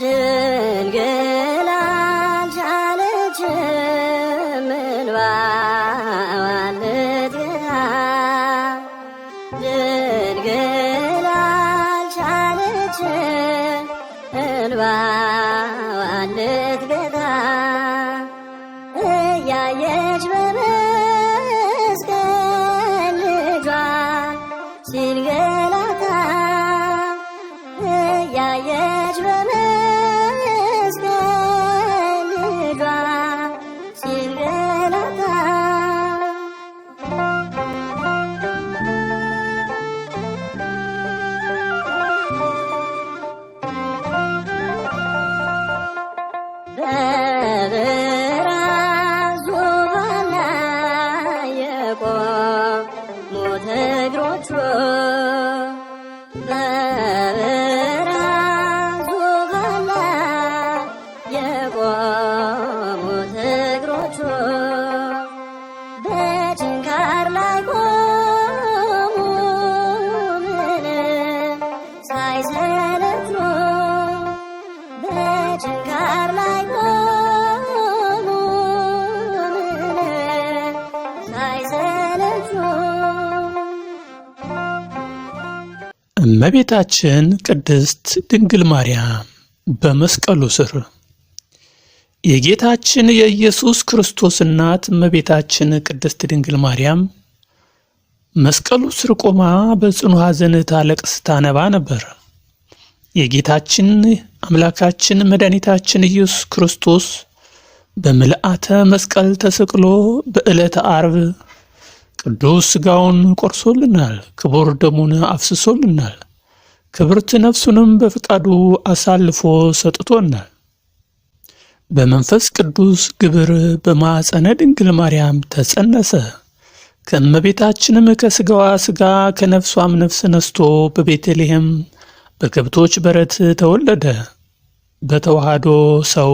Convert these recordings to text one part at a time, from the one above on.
ድንግል እመቤታችን ቅድስት ድንግል ማርያም በመስቀሉ ስር የጌታችን የኢየሱስ ክርስቶስ እናት እመቤታችን ቅድስት ድንግል ማርያም መስቀሉ ስር ቆማ በጽኑ ሐዘን ታለቅ ስታነባ ነበር። የጌታችን አምላካችን መድኃኒታችን ኢየሱስ ክርስቶስ በምልአተ መስቀል ተሰቅሎ በዕለተ አርብ ቅዱስ ሥጋውን ቆርሶልናል፣ ክቡር ደሙን አፍስሶልናል። ክብርት ነፍሱንም በፍቃዱ አሳልፎ ሰጥቶናል። በመንፈስ ቅዱስ ግብር በማፀነ ድንግል ማርያም ተጸነሰ። ከእመቤታችንም ከሥጋዋ ሥጋ ከነፍሷም ነፍስ ነስቶ በቤተልሔም በከብቶች በረት ተወለደ። በተዋህዶ ሰው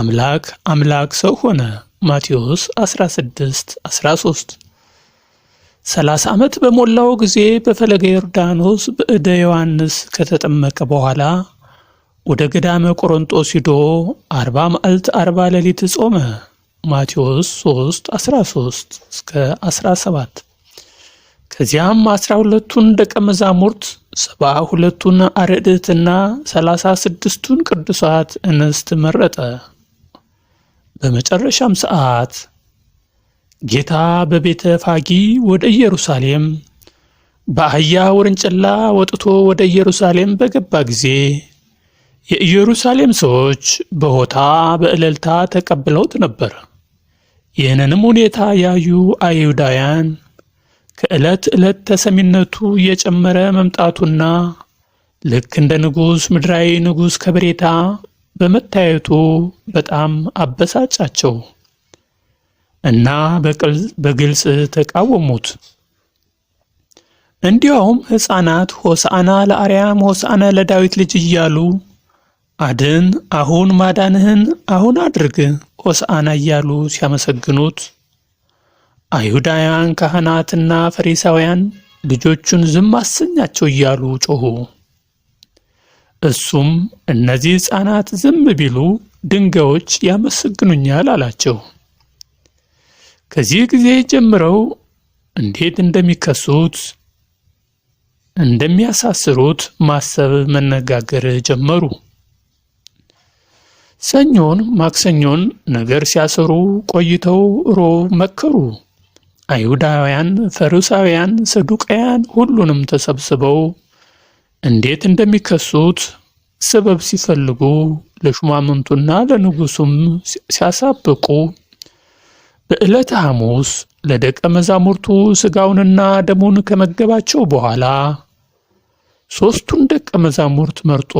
አምላክ አምላክ ሰው ሆነ። ማቴዎስ 16 13 ሰላሳ ዓመት በሞላው ጊዜ በፈለገ ዮርዳኖስ በእደ ዮሐንስ ከተጠመቀ በኋላ ወደ ገዳመ ቆሮንጦስ ሂዶ አርባ መዓልት አርባ ሌሊት ጾመ። ማቴዎስ 3 13 እስከ 17። ከዚያም አስራ ሁለቱን ደቀ መዛሙርት ሰባ ሁለቱን አርድእትና ሰላሳ ስድስቱን ቅዱሳት እንስት መረጠ። በመጨረሻም ሰዓት ጌታ በቤተ ፋጊ ወደ ኢየሩሳሌም በአህያ ውርንጭላ ወጥቶ ወደ ኢየሩሳሌም በገባ ጊዜ የኢየሩሳሌም ሰዎች በሆታ በእልልታ ተቀብለውት ነበር። ይህንንም ሁኔታ ያዩ አይሁዳውያን ከዕለት ዕለት ተሰሚነቱ እየጨመረ መምጣቱና ልክ እንደ ንጉሥ ምድራዊ ንጉሥ ከበሬታ በመታየቱ በጣም አበሳጫቸው። እና በግልጽ ተቃወሙት። እንዲያውም ሕፃናት ሆሳዕና ለአርያም ሆሳዕና ለዳዊት ልጅ እያሉ አድን፣ አሁን ማዳንህን አሁን አድርግ ሆሳዕና እያሉ ሲያመሰግኑት አይሁዳውያን ካህናትና ፈሪሳውያን ልጆቹን ዝም አሰኛቸው እያሉ ጮኹ። እሱም እነዚህ ሕፃናት ዝም ቢሉ ድንጋዮች ያመሰግኑኛል አላቸው። ከዚህ ጊዜ ጀምረው እንዴት እንደሚከሱት እንደሚያሳስሩት ማሰብ መነጋገር ጀመሩ። ሰኞን ማክሰኞን ነገር ሲያሰሩ ቆይተው ሮብ መከሩ። አይሁዳውያን፣ ፈሪሳውያን፣ ሰዱቃውያን ሁሉንም ተሰብስበው እንዴት እንደሚከሱት ሰበብ ሲፈልጉ ለሹማምንቱና ለንጉሱም ሲያሳብቁ በዕለተ ሐሙስ ለደቀ መዛሙርቱ ሥጋውንና ደሙን ከመገባቸው በኋላ ሦስቱን ደቀ መዛሙርት መርጦ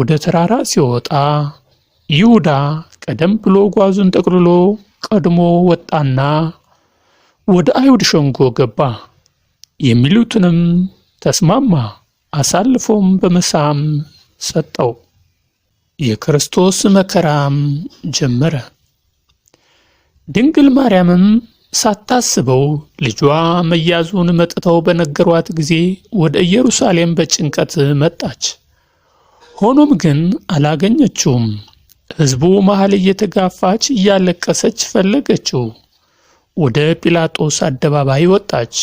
ወደ ተራራ ሲወጣ ይሁዳ ቀደም ብሎ ጓዙን ጠቅልሎ ቀድሞ ወጣና ወደ አይሁድ ሸንጎ ገባ። የሚሉትንም ተስማማ፣ አሳልፎም በመሳም ሰጠው። የክርስቶስ መከራም ጀመረ። ድንግል ማርያምም ሳታስበው ልጇ መያዙን መጥተው በነገሯት ጊዜ ወደ ኢየሩሳሌም በጭንቀት መጣች። ሆኖም ግን አላገኘችውም። ሕዝቡ መሃል እየተጋፋች እያለቀሰች ፈለገችው። ወደ ጲላጦስ አደባባይ ወጣች።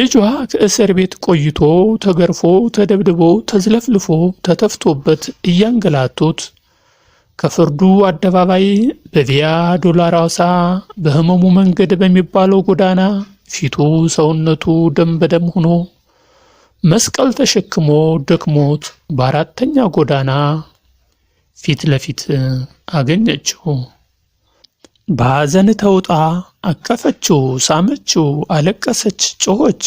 ልጇ ከእስር ቤት ቆይቶ ተገርፎ፣ ተደብድቦ፣ ተዝለፍልፎ፣ ተተፍቶበት እያንገላቱት ከፍርዱ አደባባይ በቪያ ዶላሮሳ በህመሙ መንገድ በሚባለው ጎዳና ፊቱ ሰውነቱ ደም በደም ሆኖ መስቀል ተሸክሞ ደክሞት በአራተኛ ጎዳና ፊት ለፊት አገኘችው። በሐዘን ተውጣ አቀፈችው፣ ሳመችው፣ አለቀሰች፣ ጮኸች።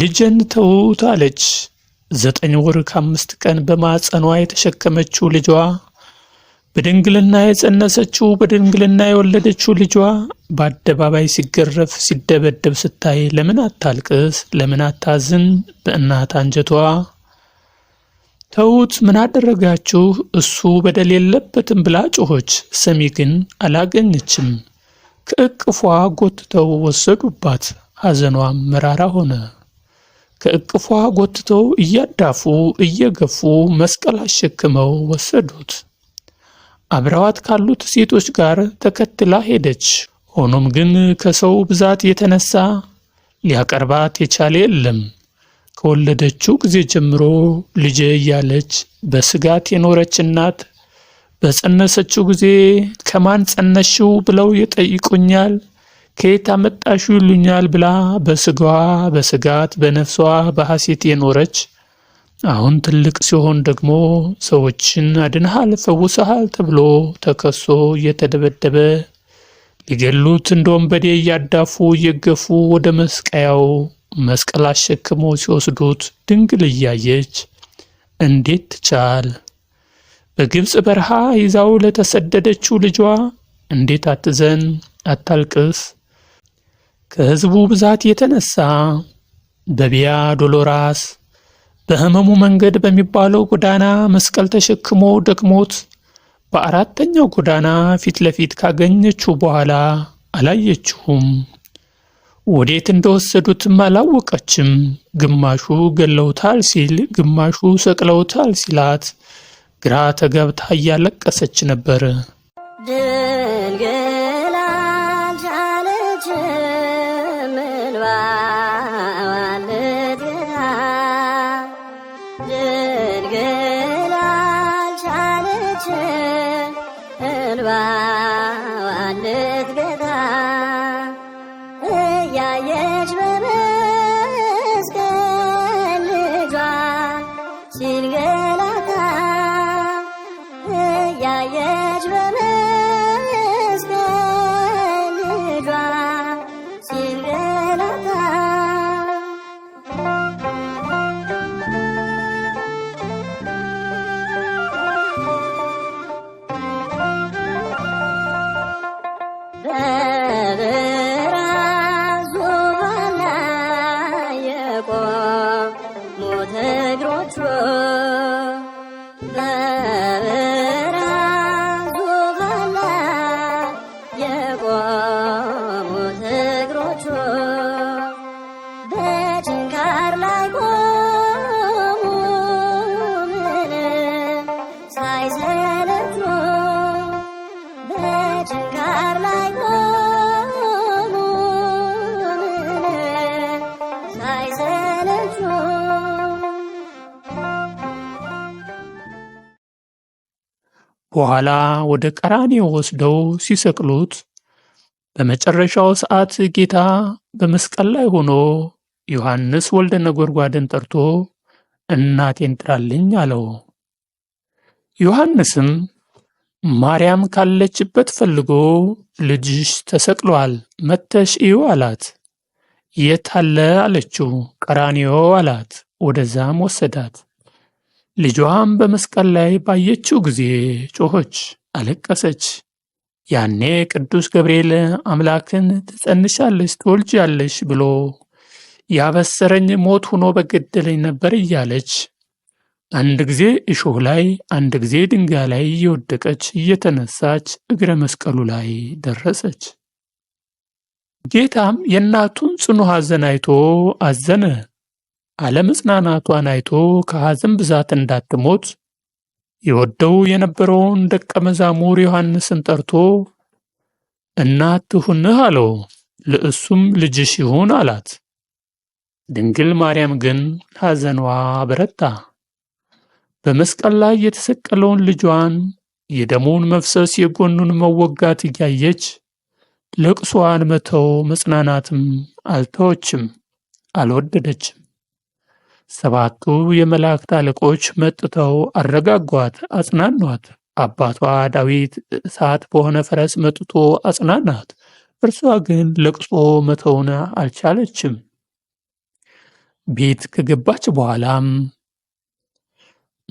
ልጄን ተውት አለች። ዘጠኝ ወር ከአምስት ቀን በማኅፀኗ የተሸከመችው ልጇ በድንግልና የጸነሰችው በድንግልና የወለደችው ልጇ በአደባባይ ሲገረፍ ሲደበደብ ስታይ ለምን አታልቅስ? ለምን አታዝን? በእናት አንጀቷ ተዉት፣ ምን አደረጋችሁ? እሱ በደል የለበትም ብላ ጮኸች። ሰሚ ግን አላገኘችም። ከእቅፏ ጎትተው ወሰዱባት። ሐዘኗም መራራ ሆነ። ከእቅፏ ጎትተው እያዳፉ እየገፉ መስቀል አሸክመው ወሰዱት። አብረዋት ካሉት ሴቶች ጋር ተከትላ ሄደች። ሆኖም ግን ከሰው ብዛት የተነሳ ሊያቀርባት የቻለ የለም። ከወለደችው ጊዜ ጀምሮ ልጄ እያለች በስጋት የኖረች እናት በጸነሰችው ጊዜ ከማን ጸነሽው ብለው ይጠይቁኛል፣ ከየት አመጣሽ ይሉኛል ብላ በስጋዋ በስጋት በነፍሷ በሐሴት የኖረች አሁን ትልቅ ሲሆን ደግሞ ሰዎችን አድንሃል፣ ፈውሰሃል ተብሎ ተከሶ እየተደበደበ ሊገሉት እንደ ወንበዴ እያዳፉ እየገፉ ወደ መስቀያው መስቀል አሸክሞ ሲወስዱት ድንግል እያየች እንዴት ትቻል? በግብፅ በረሃ ይዛው ለተሰደደችው ልጇ እንዴት አትዘን አታልቅስ? ከሕዝቡ ብዛት የተነሳ በቢያ ዶሎራስ በህመሙ መንገድ በሚባለው ጎዳና መስቀል ተሸክሞ ደክሞት በአራተኛው ጎዳና ፊት ለፊት ካገኘችው በኋላ አላየችውም። ወዴት እንደወሰዱትም አላወቀችም። ግማሹ ገለውታል ሲል፣ ግማሹ ሰቅለውታል ሲላት ግራ ተገብታ እያለቀሰች ነበር። Ah. በኋላ ወደ ቀራኔ ወስደው ሲሰቅሉት በመጨረሻው ሰዓት ጌታ በመስቀል ላይ ሆኖ ዮሐንስ ወልደ ነጎድጓድን ጠርቶ እናቴን ጥራልኝ አለው። ዮሐንስም ማርያም ካለችበት ፈልጎ ልጅሽ ተሰቅሏል፣ መተሽ እዩ አላት። የት አለ አለችው። ቀራኒዮ አላት። ወደዛም ወሰዳት። ልጇም በመስቀል ላይ ባየችው ጊዜ ጮኸች፣ አለቀሰች። ያኔ ቅዱስ ገብርኤል አምላክን ትጸንሻለሽ፣ ትወልጃለሽ ብሎ ያበሰረኝ ሞት ሆኖ በገደለኝ ነበር እያለች አንድ ጊዜ እሾህ ላይ አንድ ጊዜ ድንጋይ ላይ እየወደቀች እየተነሳች እግረ መስቀሉ ላይ ደረሰች። ጌታም የእናቱን ጽኑ ሐዘን አይቶ አዘነ። አለመጽናናቷን አይቶ ከሐዘን ብዛት እንዳትሞት ይወደው የነበረውን ደቀ መዛሙር ዮሐንስን ጠርቶ እናት ትሁንህ አለው። ለእሱም ልጅሽ ይሁን አላት። ድንግል ማርያም ግን ሐዘኗ በረታ። በመስቀል ላይ የተሰቀለውን ልጇን የደሙን መፍሰስ የጎኑን መወጋት እያየች ለቅሷን መተው መጽናናትም አልተወችም፣ አልወደደችም። ሰባቱ የመላእክት አለቆች መጥተው አረጋጓት፣ አጽናኗት። አባቷ ዳዊት እሳት በሆነ ፈረስ መጥቶ አጽናናት። እርሷ ግን ለቅሶ መተውን አልቻለችም። ቤት ከገባች በኋላም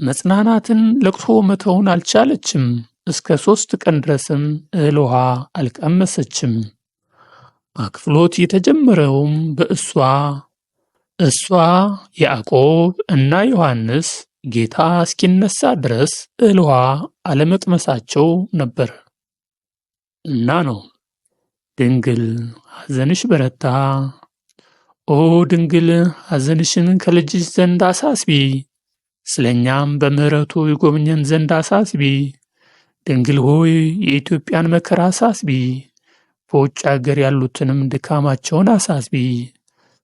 መጽናናትን ለቅሶ መተውን አልቻለችም። እስከ ሦስት ቀን ድረስም እህል ውሃ አልቀመሰችም። አክፍሎት የተጀመረውም በእሷ እሷ ያዕቆብ እና ዮሐንስ ጌታ እስኪነሳ ድረስ እህል ውኃ አለመቅመሳቸው ነበር እና ነው። ድንግል ሐዘንሽ በረታ፣ ኦ ድንግል ሐዘንሽን ከልጅሽ ዘንድ አሳስቢ፣ ስለኛም እኛም በምሕረቱ ይጎብኘን ዘንድ አሳስቢ። ድንግል ሆይ የኢትዮጵያን መከራ አሳስቢ፣ በውጭ አገር ያሉትንም ድካማቸውን አሳስቢ።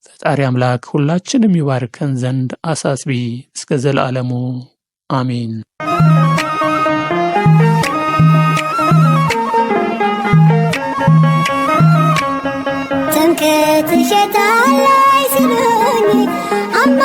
ፈጣሪ አምላክ ሁላችንም ይባርከን ዘንድ አሳስቢ እስከ ዘለዓለሙ አሜን። ትምክህት እሸታለሁ አማ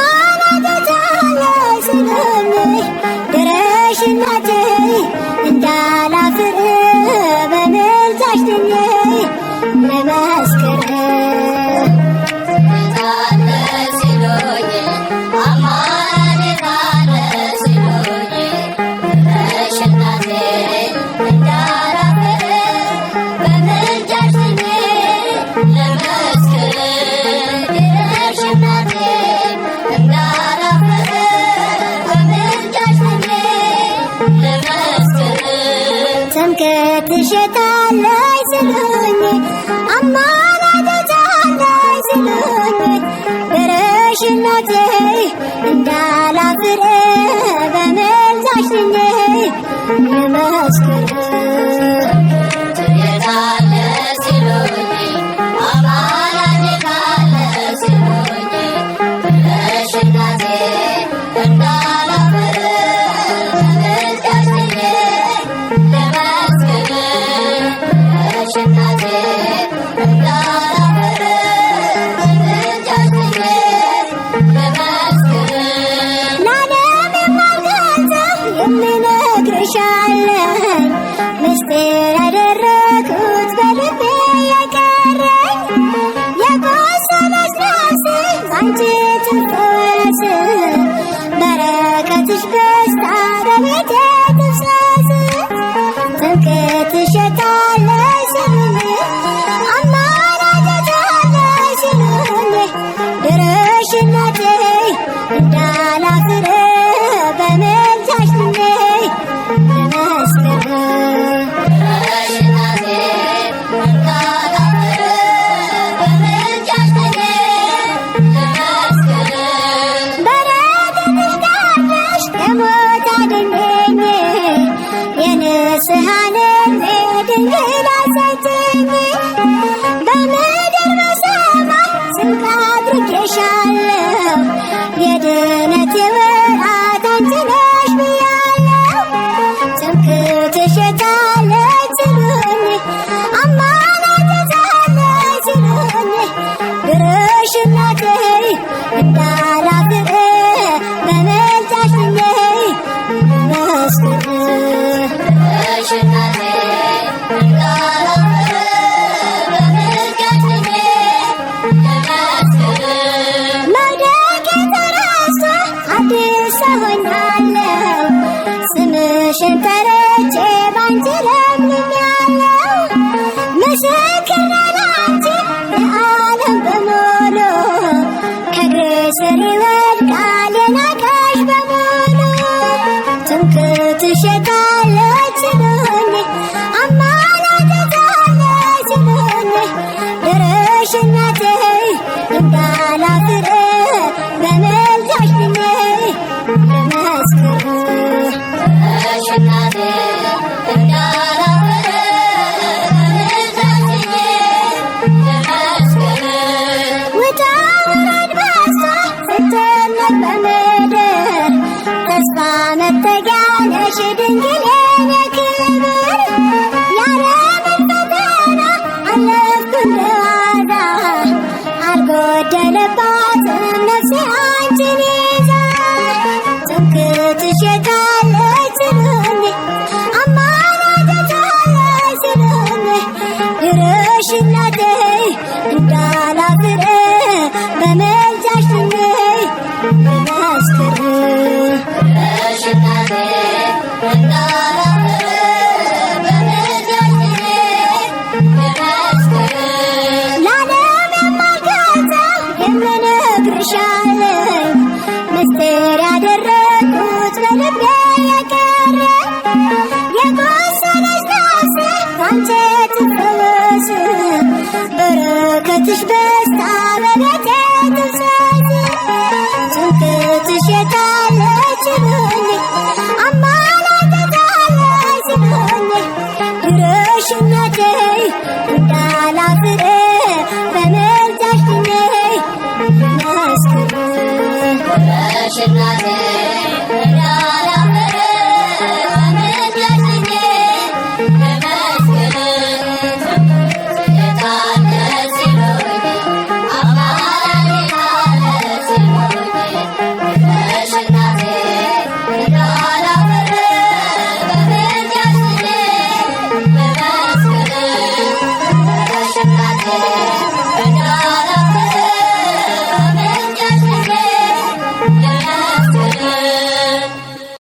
ትሸታለሽ Yeah. पाचन श्या